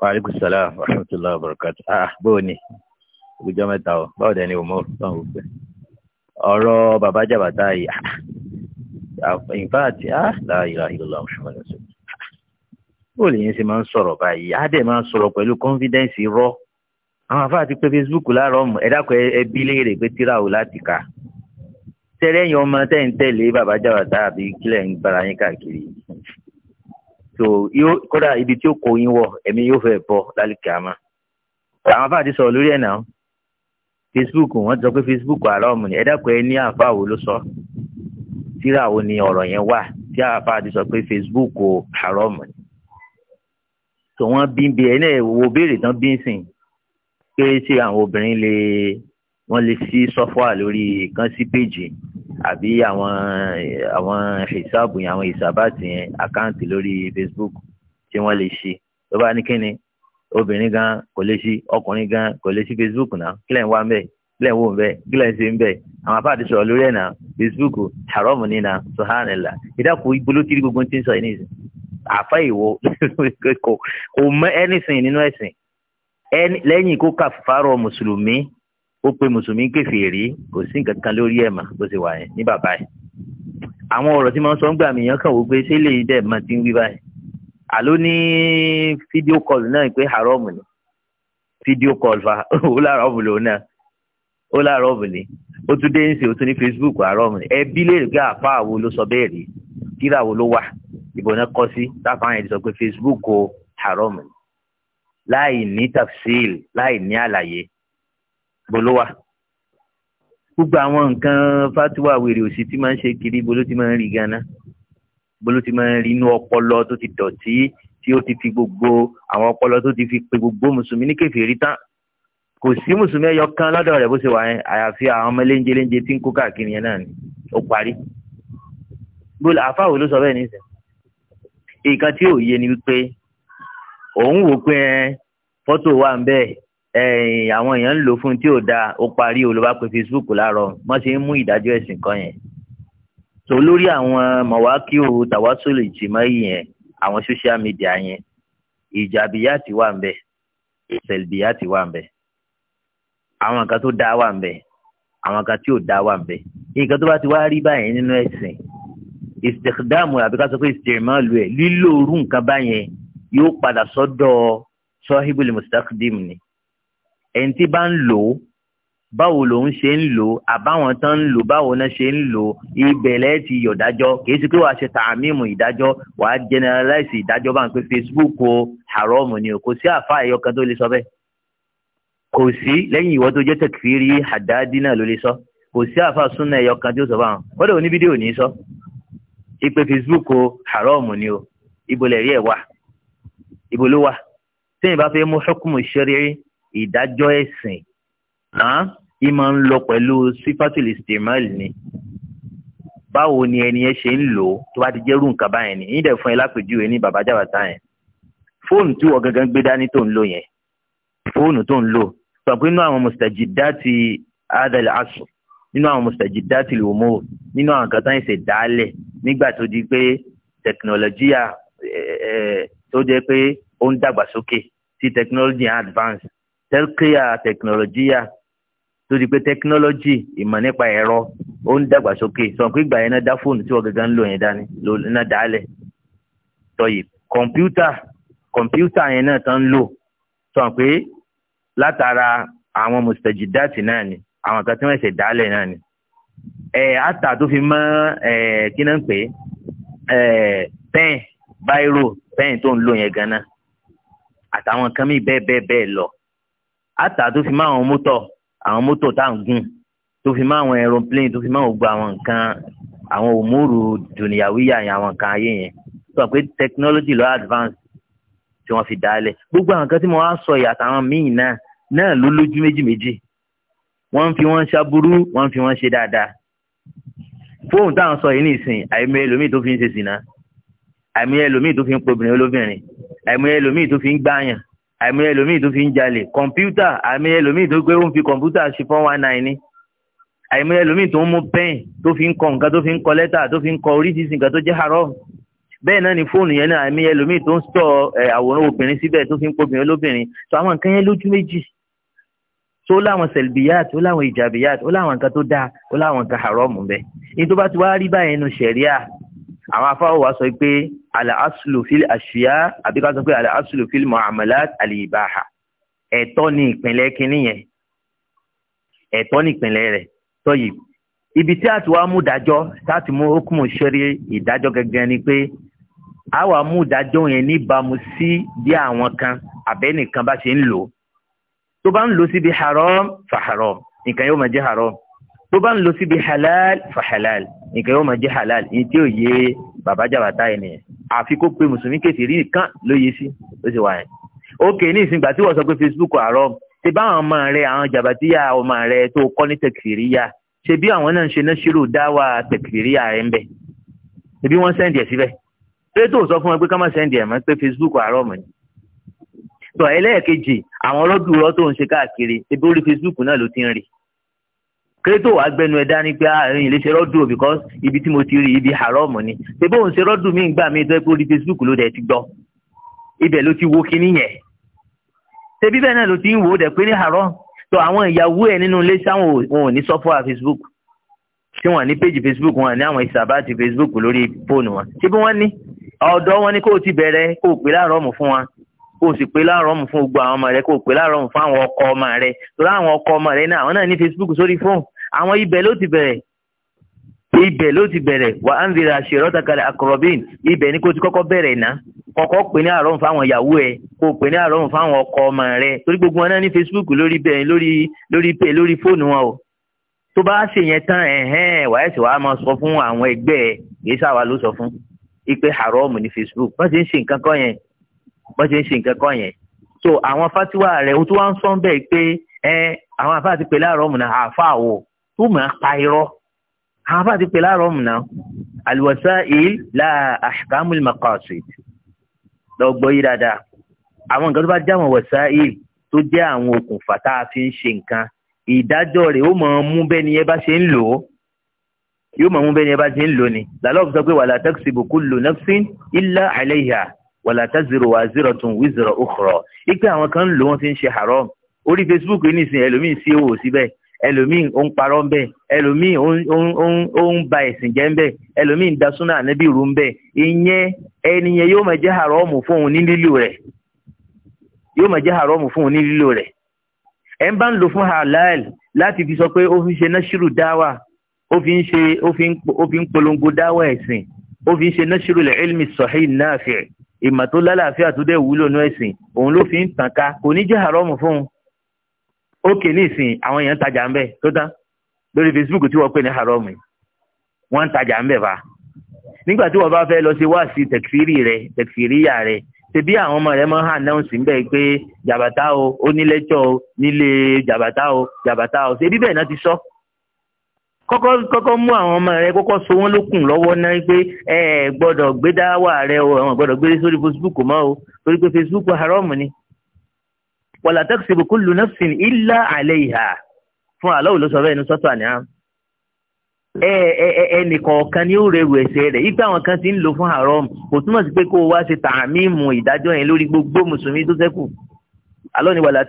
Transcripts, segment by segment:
Wàhálíkù sàlá rahmatullahi wa barakatuh. Ah, bóò ni, ìgbìjọ mẹ́ta o, báwo dẹ̀ ni o mọ̀ lọ́n o pẹ́. Ọ̀rọ̀ bàbá jàbàtà yìí, ah, ah, in fact, ah, la ilaha illallah Muhammad Rasul. Bó lè yín ṣe máa ń sọ̀rọ̀ báyìí? Á dẹ̀ máa ń sọ̀rọ̀ pẹ̀lú confidence rọ́. Àwọn afá àti pé Facebook láàárọ̀ mọ̀, ẹ dákun ẹbí léèrè pé tíra o láti kà. Tẹ́lẹ̀ yín ọmọ tẹ́ ń tẹ̀lé bàbá àbí kílẹ̀ ń so yóò kódà ibi tí ó kó yín wọ ẹ̀mí yóò fẹ́ bọ́ lálùkẹ́ àmà àwọn afáà ti sọ̀rọ̀ lórí ẹ̀ náà facebook wọ́n ti sọ pé facebook àrọ́ọ̀mù ni ẹ dákun ẹ ní àfáà wo ló sọ tíra wo ni ọ̀rọ̀ yẹn wà tí àfáà ti sọ pé facebook àrọ́ọ̀mù ni so wọ́n bí ń bi ẹ̀ náà wo béèrè tán bí ń sìn pé ṣé àwọn obìnrin lè wọ́n lè sí sọ́fọ́à lórí kan sí péjì àbí àwọn àwọn ìṣàbù yẹn àwọn ìṣàbàtì yẹn àkáǹtì lórí Facebook tí wọ́n lè ṣe tó bá ní kíni obìnrin gan kò lè ọkùnrin gan kò lè Facebook náà kílẹ̀ ń wá mbẹ́ kílẹ̀ ń wò mbẹ́ kílẹ̀ ń ṣe mbẹ́ Facebook haram ni náà sọ̀hánilá ìdáko ibolo kiri gbogbo ti ń sọ ẹni ìsìn àfa ìwo ó pe mùsùlùmí kèfèrí kò sí nǹkan kan lórí ẹ̀ mà bó ṣe wà yẹn ní bàbá yẹn àwọn ọ̀rọ̀ tí mo sọ ń gbà mí yàn kàn wò pé ṣé lè dẹ̀ mọ ti ń wí báyìí àló ní fídíò kọlù náà pé haram ni fídíò kọlù fa ó lára ọ̀bùn lòun náà ó lára ọ̀bùn ni ó tún dé ń ṣe ó tún ní facebook haram ni ẹbí lè rí pé àfa àwo ló sọ bẹ́ẹ̀ rí kíra àwo ló wà ìbò náà kọ́ sí táfàá yẹn ti sọ pé facebook o haram ni láì ní tafsil láì ní àlàyé bolówà gbogbo àwọn nǹkan fatiwa wèrè òsì tí máa ń ṣe kiri bolo ti máa ń rí gánà bolo ti máa ń rí inú ọpọlọ tó ti dọ̀tí tí ó ti fi gbogbo àwọn ọpọlọ tó ti fi pe gbogbo mùsùlùmí ní kèfèrí tán kò sí mùsùlùmí ẹyọ kan lọ́dọ̀ rẹ̀ bó ṣe wà yẹn àyàfi àwọn ọmọ léńjé léńjé tí ń kó káàkiri yẹn náà ni ó parí gbọ́dọ̀ àfáwò ló sọ bẹ́ẹ̀ ní ìsìn tí ò yé ni wípé òun wò pé fọ́tò wà ń bẹ́ẹ̀ àwọn èèyàn ń lò fún tí ò dáa ó parí olùbá Facebook láàárọ̀ wọ́n ṣe ń mú ìdájọ́ ẹ̀sìn kan yẹn tó lórí àwọn mọ̀wákìó tàwásólè jìmáyì yẹn àwọn social media yẹn ìjàbíyà ti wà ń bẹ ìṣẹ̀lbíyà ti wà ń bẹ àwọn nǹkan tó dáa wà ń bẹ àwọn nǹkan tí ò dáa wà ń bẹ nǹkan tó bá ti wá rí báyẹn nínú ẹ̀sìn ìsìtẹ̀dáàmù àbí ká sọ pé ìsìtẹ̀mọ́lù ẹ̀ lílo orú nǹkan báyẹn yóò padà sọ́dọ̀ sọ́híbùlì mùsítàkìdìm ni ẹni tí bá ń lò ó báwo lòun ṣe ń lò ó àbáwọn tán ń lò báwo náà ṣe ń lò ó ìbẹ̀lẹ̀ ti yọ̀ kì í ṣe pé wàá ṣe tààmìmù ìdájọ́ wàá generalize ìdájọ́ bá ń pè Facebook o haram ni o kò sí àfa ẹ̀yọ kan tó lè sọ bẹ́ẹ̀ kò sí lẹ́yìn ìwọ tó jẹ́ tẹ̀kìfìrí àdáàdì náà ló lè sọ kò sí àfa súnà ẹ̀yọ kan tó sọ báwọn kódà oní fídíò ní sọ ìpè Facebook o haram ni o ibo lẹ̀rí ẹ̀ wà ibo ló wà tẹ́yìn bá fẹ́ mú hukumu shari'i ìdájọ́ ẹ̀sìn yìí máa ń lọ pẹ̀lú sífàtìl istimal ni báwo ni ẹni yẹn ṣe ń lò ó tó bá ti jẹ́rú nǹkan báyẹn ni yín dẹ̀ fún ẹ lápèjúwe ní bàbá jàbàtà yẹn fóònù tí wọ́n gangan gbé dání tó ń lò yẹn fóònù tó ń lò sọ nínú àwọn mustajidati adal asr nínú àwọn mustajidati l'umur nínú àwọn nǹkan tó ń ṣe dálẹ̀ nígbà tó di pé tẹkinọlọ́jíà tó jẹ́ pé ó ń dàgbàsókè tí tẹkinọlọ́jì advance tẹ́lkìyà tẹkinọ́lọ́jìyà tó di pé tẹkinọ́lọ́jì ìmọ̀ nípa ẹ̀rọ ó ń dàgbàsókè sọ̀rọ̀ pé ìgbà yẹn náà dá fóònù tí wọ́n gẹ́gẹ́ ń lò yẹn dání ló náà dálẹ̀ tọ̀yì kọ̀mpútà kọ̀mpútà yẹn náà tán ń lò sọ̀rọ̀ pé látara àwọn mùsùlùmí náà ni àwọn kan tí wọ́n ṣe dálẹ̀ náà ni ẹ̀ àtà tó fi mọ́ ẹ̀ kí náà ń pè é pẹ́ẹ̀n báírò pẹ́ẹ̀n tó ń lò yẹn gan náà àtàwọn kan mí bẹ́ẹ̀ bẹ́ẹ̀ bẹ́ẹ̀ lọ Ata tó fi mọ́ àwọn mọ́tò àwọn mọ́tò tá à ń gùn tó fi mọ́ àwọn aeroplane tó fi mọ́ gbogbo àwọn nǹkan àwọn òmùrù dùnìyàwíyà yẹn àwọn nǹkan ayé yẹn sọ pé technology ló advance tí wọ́n fi dálẹ̀ gbogbo àwọn kan tí mo wá sọ ìyàtọ̀ àwọn míì náà náà ló lójú méjì méjì wọ́n ń fi wọ́n ṣaburú wọ́n ń fi wọ́n ṣe dáadáa fóònù táwọn sọ yìí nìsín àìmọye ẹlòmíì tó fi ń ṣe sìnà àìmọye ẹlòmíì tó fi ń pobìnrin olóbìnrin àìmọye ẹlòmíì tó fi ń gbáyàn àmì ẹlòmíì tó fi ń jalè kọ̀ǹpútà àmì ẹlòmíì tó gbé ń fi kọ̀ǹpútà ṣe four one nine ni àmì ẹlòmíì tó ń mú pẹ́ẹ̀n tó fi ń kọ nǹkan tó fi ń kọ lẹ́tà tó fi ń kọ oríṣiríṣi nǹkan tó jẹ́ haram bẹ́ẹ̀ náà ni fóònù yẹn náà àmì ẹlòmíì tó ń sọ àwòrán obìnrin síbẹ̀ tó fi ń pobìnrin lóbìnrin tó àwọn nǹkan yẹn lójú méjì tó láwọn sẹlbiyat ó láwọn ìjàbiyat ó láwọn nǹkan tó dáa ó láwọn nǹkan haram bẹ́ẹ̀ ní tó bá ti wá rí báyẹn nu ṣẹ̀ríà àwọn afáwọ̀ wa sọ pé al-aslu fil ashiya àbí ká sọ pé al-aslu fil mu'amalat al-ibaha ẹ̀tọ́ ní ìpínlẹ̀ kínní yẹn ẹ̀tọ́ ní ìpínlẹ̀ rẹ̀ tọ́yì ibi tí a ti wá mú dájọ́ tá a ti mú hukumu ṣẹ́rí ìdájọ́ gẹ́gẹ́ ni pé a wà mú dájọ́ yẹn níbàámu sí bí àwọn kan àbẹ́nìkan bá ṣe ń lò tó bá ń lò síbi haram fa haram nǹkan yóò máa jẹ́ haram tó bá ń lò síbi halal fa halal nǹkan yóò máa jẹ́ halal ní tí ò yé bàbá jàbàtà yẹn nìyẹn àfi kó pe mùsùlùmí kèfèrí nìkan ló yé sí ló sì wà yẹn. ókè ní ìsìn gbà tí wọ́n sọ pé facebook àárọ̀ ṣe bá àwọn ọmọ rẹ àwọn jàbàtíyà ọmọ rẹ tó kọ́ ní tẹkifìríyà ṣe bí àwọn náà ń ṣe náà ṣírò dáwà tẹkifìríyà rẹ ń bẹ̀ ṣe wọ́n sẹ́ǹdì ẹ̀ síbẹ̀ pé tó sọ fún ẹ pé ká má sẹ́ǹdì ẹ̀ mọ́ pé facebook àárọ̀ mọ́ ni. tọ́ ẹlẹ́ẹ̀kejì àwọn ọlọ́dúnrún tó ń ṣe káàkiri ebi orí facebook náà ló ti ń rí kérétò wàá gbẹnu ẹ dání pé àárín ah, ilé ṣe rọ́dù because ibi tí mo ti rí ibi haram ni ṣé bóun ṣe rọ́dù mí gbà mí tó orí Facebook ló dẹ̀ ti gbọ́ ibẹ̀ ló ti wo kinní yẹn ṣé bíbẹ̀ náà ló ti ń wò dẹ̀ pé ní haram tó àwọn ìyàwó ẹ̀ nínú ilé sáwọn ò ní sọ fún wa Facebook tí wọ́n ní péjì Facebook wọn ní àwọn ìsàbá ti Facebook lórí fóònù wọn ṣé bí wọ́n ní ọ̀dọ́ wọn ni kó o ti bẹ̀rẹ̀ kó o pè láàárọ̀ mọ̀ fún wọn kó o sì pé láàárọ̀ mú fún gbogbo àwọn ọmọ rẹ kó o pé láàárọ̀ mú fún àwọn ọkọ ọmọ rẹ torí àwọn ọkọ ọmọ rẹ náà àwọn náà ní Facebook sórí fóònù àwọn ibẹ̀ ló ti bẹ̀rẹ̀ ibẹ̀ ló ti bẹ̀rẹ̀ wà á ń dira ṣèrọ́tàkàlẹ̀ àkọ́rọ̀bìn ibẹ̀ ni kó ti kọ́kọ́ bẹ̀rẹ̀ ná kọ́kọ́ pè ní àárọ̀ fáwọn ìyàwó ẹ̀ kó pè ní àárọ̀ fáwọn ọkọ ọmọ rẹ̀ torí gbogbo wọn náà ní Facebook lórí bẹ́ẹ̀ lórí lórí pay lórí fóònù wọn o tó bá ṣe yẹn tán ẹ̀hẹ́n wàá ẹ̀sìn wàá máa sọ fún àwọn ẹgbẹ́ ẹ̀ kì í sáwà ló sọ fún ipe haram ní Facebook wọ́n ti ń ṣe nǹkan kan yẹn bọ́n ṣe ń ṣe nǹkan kan yẹn so àwọn fatiwa rẹ̀ o tún wá ń sọ bẹ́ẹ̀ pé ẹ àwọn àfa àti pèlè àrọ́ mùnà àfa àwọ̀ tó mọ̀ pa irọ́ àwọn àfa àti pèlè àrọ́ mùnà alwasail la ahkamul maqasid lọ gbọ́ yí dáadáa àwọn nǹkan tó bá jẹ́ àwọn wasail tó jẹ́ àwọn okùnfà tá a fi ń ṣe nǹkan ìdájọ́ rẹ̀ ó mọ̀ mú bẹ́ẹ̀ ni ẹ bá ṣe ń lò ó yóò mọ̀ mú bẹ́ẹ̀ ni ẹ bá ṣe ń lò ó ni làlọ́ wàlá taziru wa zero tun wizara ukhra ipe àwọn kan ń lò wọ́n ń ṣe haram orí facebook yìí nìsín ẹlòmíín sí owó síbẹ̀ ẹlòmíín ó ń parọ́ ń bẹ̀ ẹlòmíín ó ń ba ẹ̀sìn jẹ́ ń bẹ̀ ẹlòmíín da ànábì rú ń bẹ̀ ìyẹn ẹnìyẹn yóò máa jẹ́ haram fún òun ní lílò rẹ̀ yóò máa jẹ́ haram fún òun ní lílò rẹ̀ ẹ̀ ń bá ń lò fún halal láti fi sọ pé ó fi ń ṣe náṣírù dáwà ó fi ń ṣe ó fi ń polongo dáwà ẹ̀sìn ó fi ń ṣe náṣírù lil ilmi sahih nafi' ìmọ̀ tó lálàáfíà tó dẹ̀ wúlò ní ẹ̀sìn òun ló fi ń tàn ká kò ní jẹ́ àrọ́mù fún un ó kè ní ìsìn àwọn èèyàn ń tajà ń bẹ̀ tó tán lórí Facebook tí wọ́n pè ní àrọ́mù wọ́n ń tajà ń bẹ̀ fa nígbà tí wọ́n bá fẹ́ lọ sí wáàsí tẹ̀kfírì rẹ̀ tẹ̀kfírìyà rẹ̀ ṣebí àwọn ọmọ rẹ̀ máa ń ànáùnsì ń bẹ̀ pé jàbàtà o ó ní lẹ́tọ̀ o nílé jàbàtà o jàbàtà o ṣebí bẹ́ẹ̀ náà ti sọ kọ́kọ́ àwọn ọmọ rẹ kọ́kọ́ so lọ́wọ́ náà ẹ gbọ́dọ̀ gbé rẹ o àwọn gbọ́dọ̀ gbé sórí facebook mọ́ o torí pé facebook haram ni. wàlá fún àlọ́ bẹ́ẹ̀ sọ́tọ̀ àná. ẹ ẹ ni ó kan ti ń lò fún haram kò túmọ̀ sí pé kó o wá ṣe tààmì ìmù ìdájọ́ yẹn lórí gbogbo mùsùlùmí tó àlọ́ ni wàlá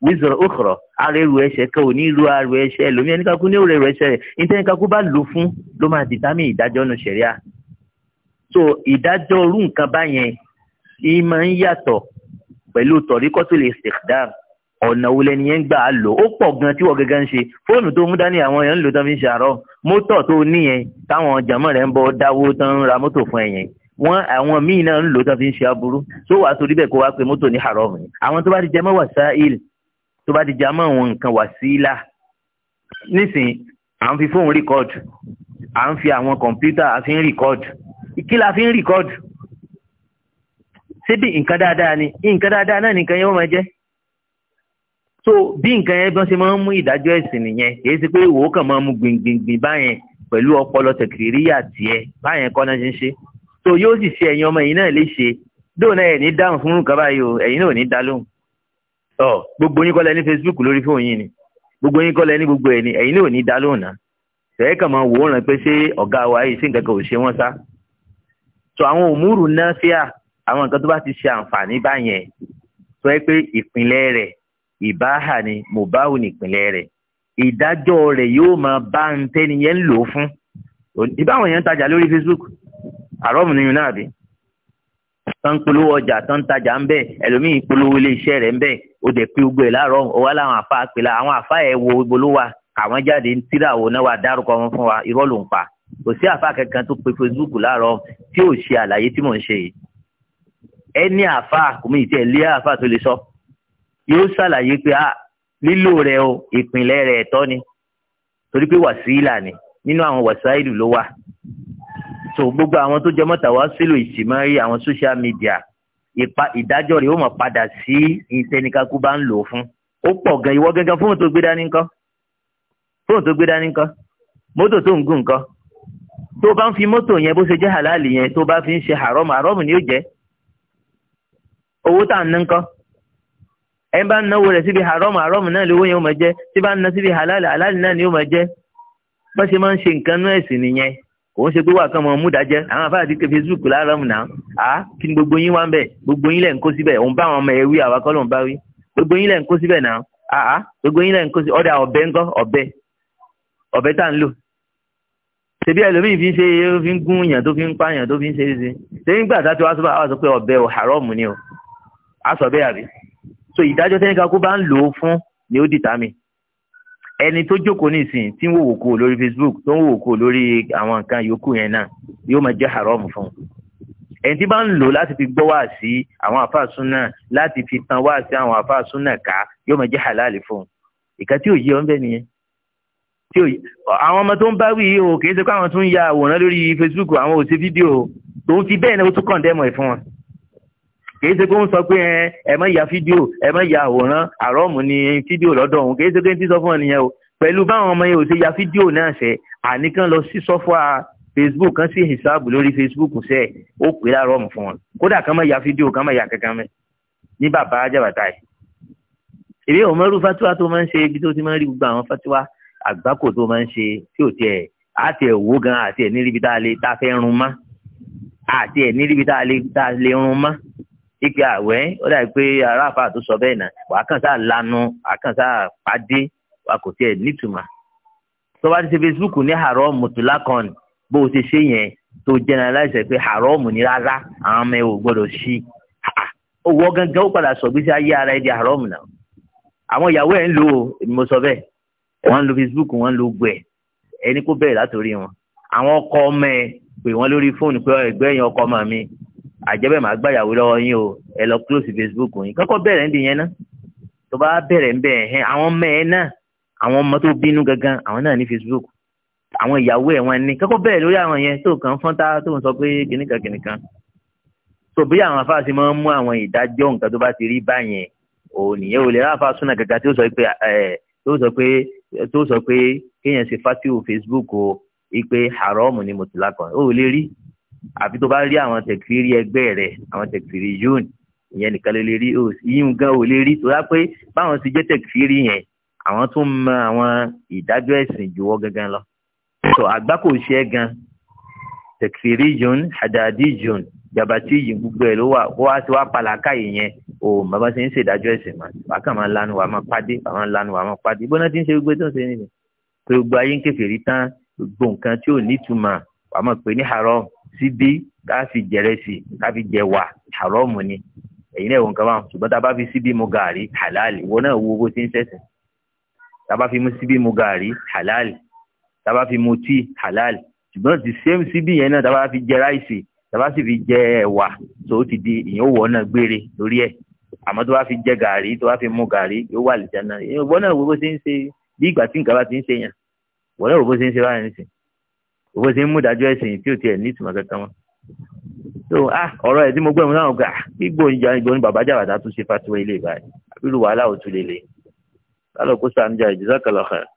wizara okoro ara ẹrù ẹsẹ̀ kan ò ní irú ara ẹsẹ̀ ẹlòmíì ẹnìkanku ní òrò ẹrù ẹsẹ̀ rẹ̀ níta ẹnìkanku bá lò fún ló máa dìtámì ìdájọ́ nù ṣẹ̀ríà so ìdájọ́ orú nǹkan báyẹn ì máa ń yàtọ̀ pẹ̀lú tọ̀ríkọ́tòlè istikdam ọ̀nà wo lẹni yẹn ń gbà á lò ó pọ̀ gan tí wọ́n gẹ́gẹ́ ń ṣe fóònù tó ń dání àwọn èèyàn ń lò tán fi ń ṣàárọ̀ mọ́tò tó níyẹn táwọn jàmọ́ rẹ̀ ń bọ́ dáwó tán ń ra mọ́tò fún ẹ̀yẹn wọ́n àwọn míì náà ń lò tán fi ń ṣe aburú tó wàá torí bẹ́ẹ̀ kó wá pé mọ́tò ní haram ni àwọn tó bá ti jẹ mọ́ wàsáìlì tó bá ti já mọ́ àwọn nǹkan wàsílà nísìnyí à ń fi fóònù rìkọ́dù à ń fi àwọn kọ̀ǹpútà à fi ń rìkọ́dù kí la fi ń rìkọ́dù ṣebí nǹkan dáadáa ni nǹkan dáadáa náà nìkan yẹn wọ́n máa jẹ́ so bí nǹkan yẹn bí wọ́n ṣe máa ń mú ìdájọ́ ẹ̀sìn nìyẹn kì í ṣe pé òwò kan máa ń mú gbìngbìngbìn báyẹn pẹ̀lú ọpọlọ tẹ̀kìrìyà tiẹ̀ báyẹn kọ́ náà ṣe ń ṣe so yóò sì ṣe ẹ̀yin ọmọ yìí náà léṣe dóò náà ẹ̀ ní dáhùn fún nǹkan ẹ̀yin náà ò ní dá lóhùn ọ gbogbo yín kọ́lẹ̀ ní facebook lórí fóònù yín ni gbogbo yín kọ́lẹ̀ ní gbogbo ẹ̀ ni ẹ̀yin náà ò ní dá lóhùn náà tẹ̀yẹ́ kàn máa wò ó ràn pé ṣé ọ̀gá wa yìí sí nǹkan kan ò ṣe wọ́n sá so àwọn òmùrù náà sí à àwọn nǹkan tó bá ti ṣe àǹfààní báyẹn sọ pé ìpínlẹ̀ rẹ̀ ìbáhà ni mùbáhù ni ìpínlẹ̀ rẹ̀ ìdájọ́ rẹ̀ yóò máa bá ń tẹ́niyẹn lò fún ìbáwọn yẹn ń tajà lórí facebook àrọ́ọ̀mù niyun náà bíi tán polówó ọjà tán tajà ń bẹ ẹlòmíì polówó ilé iṣẹ́ rẹ̀ ń bẹ o dẹ̀ pé gbogbo ẹ̀ láàárọ̀ ọwọ́ làwọn afa àpèlà àwọn afa ẹ̀ wo ìbolówó wa àwọn jáde ń tíra wo náà wà dárúkọ wọn fún wa irọ́ ló ń pa kò sí àfa kankan tó pe Facebook láàárọ̀ tí ò ṣe àlàyé tí mò ń ṣe yìí ẹni àfa kò mí ìtẹ̀ lé àfa tó lè sọ yóò ṣàlàyé pé a ah, lílò rẹ o ìpìnlẹ̀ rẹ̀ ẹ̀tọ́ ni torí pé wàsíìlà ni nínú àwọn wàsáìlù ló wà so gbogbo àwọn tó jẹ mọ́ta wá sílò ìsìmọ́rí àwọn social media ìdájọ́ rẹ̀ ó mọ̀ padà sí ìtẹnikaku bá ń lò fún ó pọ̀ gan ìwọ gangan fóònù tó gbé dání ńkọ́ fóònù tó gbé dání ńkọ́ mọ́tò tó ń gùn ńkọ́ tó bá ń fi mọ́tò yẹn bó ṣe jẹ́ halali yẹn tó bá fi ń ṣe haram haram ni ó jẹ́ owó tá à ń ná ńkọ́ ẹ bá ń náwó rẹ̀ síbi haram haram náà lówó yẹn ó máa jẹ́ tí bá ń ná síbi halali halali náà ni ó máa jẹ́ bá ṣe máa ń ṣe nǹkan náà ẹ̀sìn nìyẹn òun ṣe pé wà kán mọ múdàjẹ àwọn afáà ti ké facebook láàárọ̀ mu náà á kí ni gbogbo yín wá ń bẹ̀ gbogbo yín lẹ̀ ń kó síbẹ̀ òun bá àwọn ọmọ ẹ̀ wí àwa kọ́ ló ń bá wí gbogbo yín lẹ̀ ń kó síbẹ̀ náà á á gbogbo yín lẹ̀ ń kó sí ọ̀dà ọ̀bẹ ńkọ́ ọ̀bẹ ọ̀bẹ tá à ń lò ṣebí ẹlòmíì fi ń ṣe fi ń gún yàn tó fi ń pààyàn tó fi ń ṣe é ṣe ṣebí gbà tá wá sọ pé ọ̀bẹ ò haram ni o á sọ bẹ́ẹ̀ àbí so ìdájọ́ tẹ́ni ká kó bá ń lò ó fún ni ó dìtàmì ẹni tó jókòó nísìn tí ń wòwò kó lórí Facebook tó ń wòwò kó lórí àwọn nǹkan yòókù yẹn náà yóò máa jẹ́ haram fún un ẹni tí bá ń lò láti fi gbọ́ wá sí àwọn àfa súnà láti fi tan wá sí àwọn àfa súnà ká yóò máa jẹ́ halal fún un ìka tí ò yé ọ ń bẹ nìyẹn tí ò yé àwọn ọmọ tó ń bá wí yìí ṣe pé àwọn tó ń ya àwòrán lórí Facebook àwọn ò ṣe fídíò tòun ti bẹ́ẹ̀ ni ó tún kàn dẹ́mọ̀ ẹ̀ fún wọn kìí ṣe pé ń sọ pé ẹ má ya fídíò ẹ má ya àwòrán àrọ́ọ̀mù ni fídíò lọ́dọ̀ òun kìí ṣe pé ń ti sọ fún ọ nìyẹn o pẹ̀lú báwọn ọmọ yẹn ò ṣe ya fídíò náà ṣe àníkàn lọ sí sọ́fà facebook kan sí hisabu lórí facebook ṣe ó pè láàárọ̀ ọ̀mù fún wọn kódà kan má ya fídíò kan má ya kankan mẹ́ ní bàbá ajabata yìí èmi ò mọ̀rú fatiwa tó máa ń ṣe ibi tó ti máa ń rí gbogbo àwọn fatiwa àgbákò tó máa ń ṣe tí ò tiẹ̀ àti ẹ̀ wó gan àti ẹ̀ níribi tá a lè tá fẹ́ rún mọ́ àti ẹ̀ níribi tá a lè tá mọ́ ike àwẹ̀ ó dà pé aráàfà tó sọ bẹ́ẹ̀ náà wàá kàn sáà lanu wàá kàn sáà pàdé wa kò tiẹ̀ nítumọ̀ tó ti ṣe Facebook ní haram mutulakan bó o ṣe ṣe yẹn tó generalize pé haram ní rárá àwọn ọmọ ẹ ò gbọdọ̀ ṣí owó gangan ó padà sọ gbèsè ayé ara ẹ di haram náà àwọn ìyàwó ẹ ń lo mo sọ bẹ́ẹ̀ wọ́n ń lo Facebook wọ́n ń lo gbẹ ẹni kó bẹ̀rẹ̀ látòrí wọn àwọn ọkọ ọmọ ẹ pè wọ́n lórí fóònù pé ẹgbẹ́ yẹn ọkọ ọmọ mi àjẹbẹ́ màá gbàyàwó lọ́wọ́ yín o ẹ lọ close Facebook yín kọ́kọ́ bẹ̀rẹ̀ ń bì yẹn náà tó bá bẹ̀rẹ̀ ń bẹ̀ ẹ̀hẹ́n àwọn ọmọ ẹ̀ náà àwọn ọmọ tó bínú gangan àwọn náà ní Facebook àwọn ìyàwó ẹ̀ wọn ní kọ́kọ́ bẹ̀rẹ̀ lórí àwọn yẹn tó kàn fọ́n tá tó ń sọ pé kìnnìkan kìnnìkan tó bí àwọn afáàsì máa ń mú àwọn ìdájọ́ nǹkan tó bá ti rí báyẹn ò nìyẹn ò lè ráfa súnà gàgà tó sọ pé tó sọ pé kéèyàn ṣe fátíwò Facebook o ipe haramu ni mo ti lákàn ó lè rí àfi tó bá rí àwọn tẹ̀kìrì ẹgbẹ́ rẹ̀ àwọn tẹ̀kìrì yún ìyẹn nìkan ló lè rí o yíyún gan ò lè rí tó yá pé báwọn ti jẹ́ tẹ̀kìrì yẹn àwọn tún mọ àwọn ìdájọ́ ẹ̀sìn jùwọ́ gangan lọ tó àgbá kò ṣe é gan tẹ̀kìrì yún àdàdí yún jabati yìí gbogbo ẹ̀ ló wà kó wá sí wá palaka yìí o bàbá ṣe ń ṣèdájọ́ ẹ̀sìn mà wàá kàn máa lanu wàá máa pàdé wàá máa lanu wàá máa pàdé bọ́nà tí ń ṣe gbogbo tó ń ṣe nìyẹn pé gbogbo ayé ń kékeré tán gbogbo síbí tá a fi jẹrẹ sí tá a fi jẹ wà haramu ni èyí náà wò nǹkan ṣùgbọ́n tá a bá fi síbí mu gàrí halali ìwọ náà wo bó ti ń ṣẹ̀sìn tá a bá fi mu síbí mu gàrí halali tá a bá fi mu tíì halali ṣùgbọ́n the same síbí yẹn náà tá a bá fi jẹ ráìsì tá a bá sì fi jẹ ẹ̀wà tó ti di ìyẹn ò wọ̀ náà gbére lórí ẹ̀ àmọ́ tó bá fi jẹ gàrí tó bá fi mu gàrí yóò wà lìjẹ́ náà ìwọ náà wo bó ti ń ṣe bí ìgbà tí nǹkan bá ti ń ṣe yàn ìwọ náà wo bó ti ń ṣe báyìí nísìnyí bó ṣe ń mú ìdájọ́ ẹ̀sìn tí ò tiẹ̀ ní ìtumọ̀ kankan wọn. so ah ọ̀rọ̀ ẹ̀ tí mo gbọ́ ìmúná àwọn gbà gbígbó ìjà ìgbó ni bàbá jàbàtà tún ṣe fatuwa ilé ìbáyìí àbí